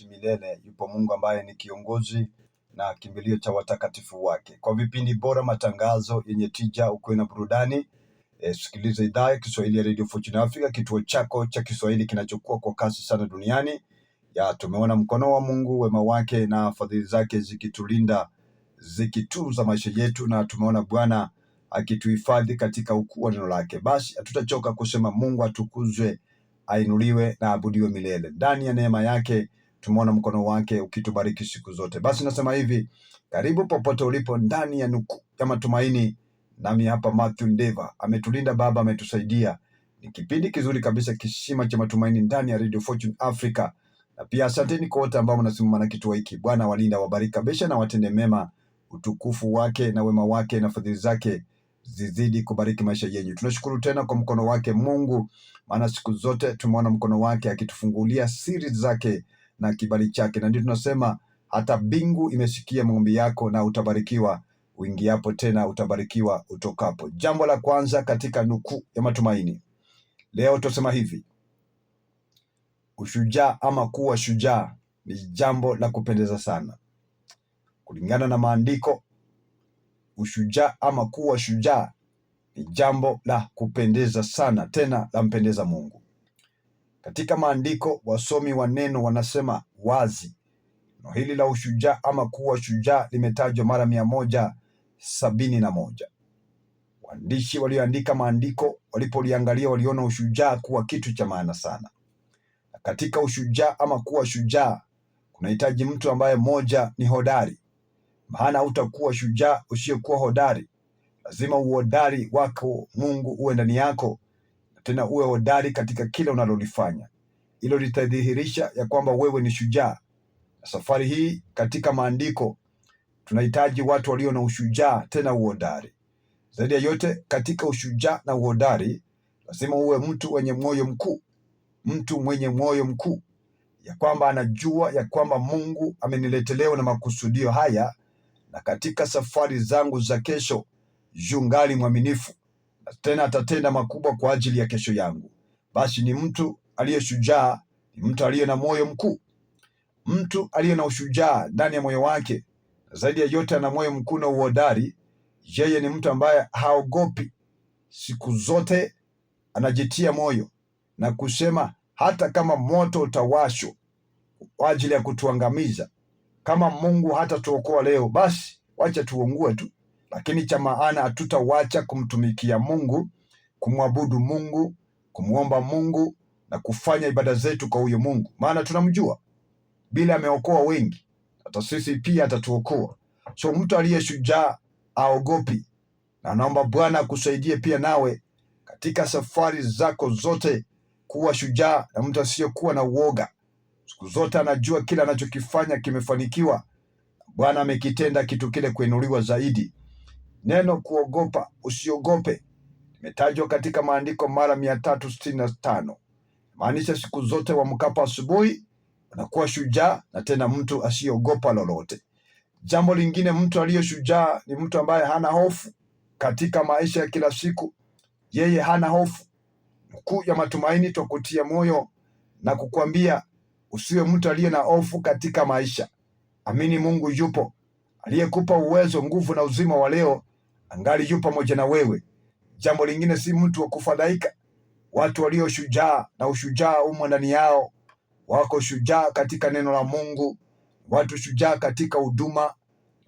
ataishi milele. Yupo Mungu ambaye ni kiongozi na kimbilio cha watakatifu wake. Kwa vipindi bora, matangazo yenye tija, ukiwe na burudani E, sikiliza idhaa ya Kiswahili ya Radio Fortune Africa, kituo chako cha Kiswahili kinachokuwa kwa kasi sana duniani. Ya tumeona mkono wa Mungu, wema wake na fadhili zake zikitulinda, zikituza maisha yetu, na tumeona Bwana akituhifadhi katika ukuu wa neno lake. Basi hatutachoka kusema Mungu atukuzwe, ainuliwe na abudiwe milele ndani ya neema yake Tumeona mkono wake ukitubariki siku zote. Basi nasema hivi, karibu popote ulipo ndani ya nukuu ya matumaini, nami hapa Mathew Ndeva. Ametulinda Baba, ametusaidia. Ni kipindi kizuri kabisa, kisima cha matumaini ndani ya Radio Fortune Africa. Na pia asanteni kwa wote ambao mnasimama na kituo hiki. Bwana walinda, wabariki kabisa na watende mema. Utukufu wake na wema wake na fadhili zake zizidi kubariki maisha yenu. Tunashukuru tena kwa mkono wake Mungu, maana siku zote tumeona mkono wake akitufungulia siri zake na kibali chake, na ndio tunasema hata bingu imesikia maombi yako na utabarikiwa, uingiapo tena utabarikiwa, utokapo. Jambo la kwanza katika nukuu ya matumaini leo tutasema hivi: ushujaa ama kuwa shujaa ni jambo la kupendeza sana. Kulingana na maandiko, ushujaa ama kuwa shujaa ni jambo la kupendeza sana, tena la mpendeza Mungu. Katika maandiko wasomi wa neno wanasema wazi neno hili la ushujaa ama kuwa shujaa limetajwa mara mia moja sabini na moja. Waandishi walioandika maandiko walipoliangalia waliona ushujaa kuwa kitu cha maana sana. Na katika ushujaa ama kuwa shujaa kunahitaji mtu ambaye moja ni hodari, maana utakuwa shujaa usiyekuwa hodari. Lazima uhodari wako Mungu uwe ndani yako tena uwe hodari katika kila unalolifanya. Hilo litadhihirisha ya kwamba wewe ni shujaa. Safari hii katika maandiko tunahitaji watu walio na ushujaa tena uhodari. Zaidi ya yote, katika ushujaa na uhodari lazima uwe mtu mwenye moyo mkuu, mtu mwenye moyo mkuu, ya kwamba anajua ya kwamba Mungu ameniletelewa na makusudio haya, na katika safari zangu za kesho jungali mwaminifu tena atatenda makubwa kwa ajili ya kesho yangu. Basi ni mtu aliye shujaa, ni mtu aliye na moyo mkuu, mtu aliye na ushujaa ndani ya moyo wake. Zaidi ya yote, ana moyo mkuu na uhodari. Yeye ni mtu ambaye haogopi, siku zote anajitia moyo na kusema, hata kama moto utawashwa kwa ajili ya kutuangamiza, kama Mungu hata tuokoa leo, basi wacha tuungue tu lakini cha maana hatutawacha kumtumikia Mungu, kumwabudu Mungu, kumwomba Mungu na kufanya ibada zetu kwa huyo Mungu, maana tunamjua bila, ameokoa wengi, hata sisi pia atatuokoa. So mtu aliye shujaa aogopi, na naomba Bwana akusaidie pia nawe katika safari zako zote, kuwa shujaa na mtu asiyokuwa na uoga. Siku zote anajua kila anachokifanya kimefanikiwa. Bwana amekitenda kitu kile kuinuliwa zaidi. Neno kuogopa, usiogope, imetajwa katika maandiko mara mia tatu sitini na tano. Maanisha siku zote wamkapo asubuhi unakuwa shujaa na tena mtu asiyeogopa lolote. Jambo lingine, mtu aliye shujaa ni mtu ambaye hana hofu katika maisha ya kila siku. Yeye hana hofu. Mkuu ya matumaini twakutia moyo na kukwambia usiwe mtu aliye na hofu katika maisha. Amini Mungu yupo, aliyekupa uwezo, nguvu na uzima wa leo angali yu pamoja na wewe. Jambo lingine si mtu wa kufadhaika. Watu walio shujaa na ushujaa umo ndani yao, wako shujaa katika neno la Mungu, watu shujaa katika huduma,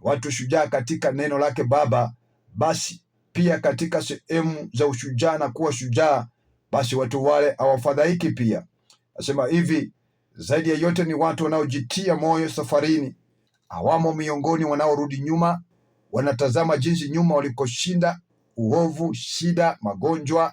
watu shujaa katika neno lake Baba. Basi pia katika sehemu za ushujaa na kuwa shujaa, basi watu wale hawafadhaiki. Pia nasema hivi, zaidi ya yote ni watu wanaojitia moyo safarini, awamo miongoni wanaorudi nyuma wanatazama jinsi nyuma walikoshinda uovu, shida, magonjwa,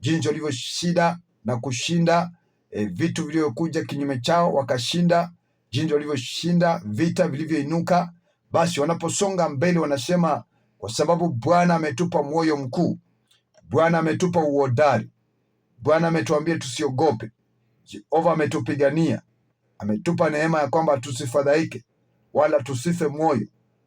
jinsi shida na kushinda e, vitu vilivyokuja kinyume chao wakashinda, jinsi walivyoshinda vita vilivyoinuka. Basi wanaposonga mbele wanasema, kwa sababu Bwana ametupa moyo mkuu, Bwana ametupa uhodari, Bwana ametuambia tusiogope, Jehova ametupigania, ametupa neema ya kwamba tusifadhaike wala tusife moyo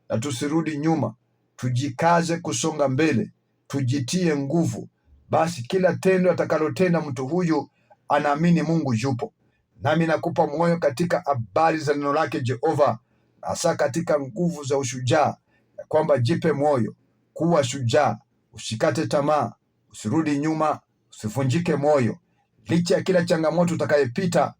na tusirudi nyuma, tujikaze kusonga mbele, tujitie nguvu. Basi kila tendo atakalotenda mtu huyu anaamini Mungu yupo. Nami nakupa moyo katika habari za neno lake Jehova, hasa katika nguvu za ushujaa, ya kwamba jipe moyo, kuwa shujaa, usikate tamaa, usirudi nyuma, usivunjike moyo licha ya kila changamoto utakayepita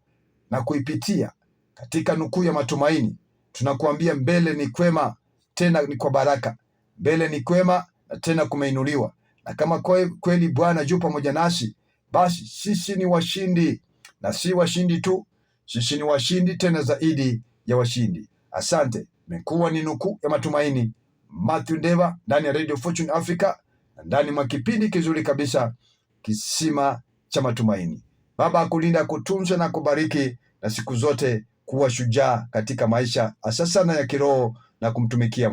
na kuipitia. Katika nukuu ya matumaini tunakuambia mbele ni kwema, tena ni kwa baraka, mbele ni kwema na tena kumeinuliwa. Na kama kweli Bwana juu pamoja nasi, basi sisi ni washindi, na si washindi tu, sisi ni washindi tena zaidi ya washindi. Asante. Imekuwa ni nukuu ya matumaini, Mathew Ndeva, ndani ya Radio Fortune Africa, na ndani mwa kipindi kizuri kabisa, kisima cha matumaini. Baba akulinda, kutunza na kubariki, na siku zote kuwa shujaa katika maisha asasa na ya kiroho na kumtumikia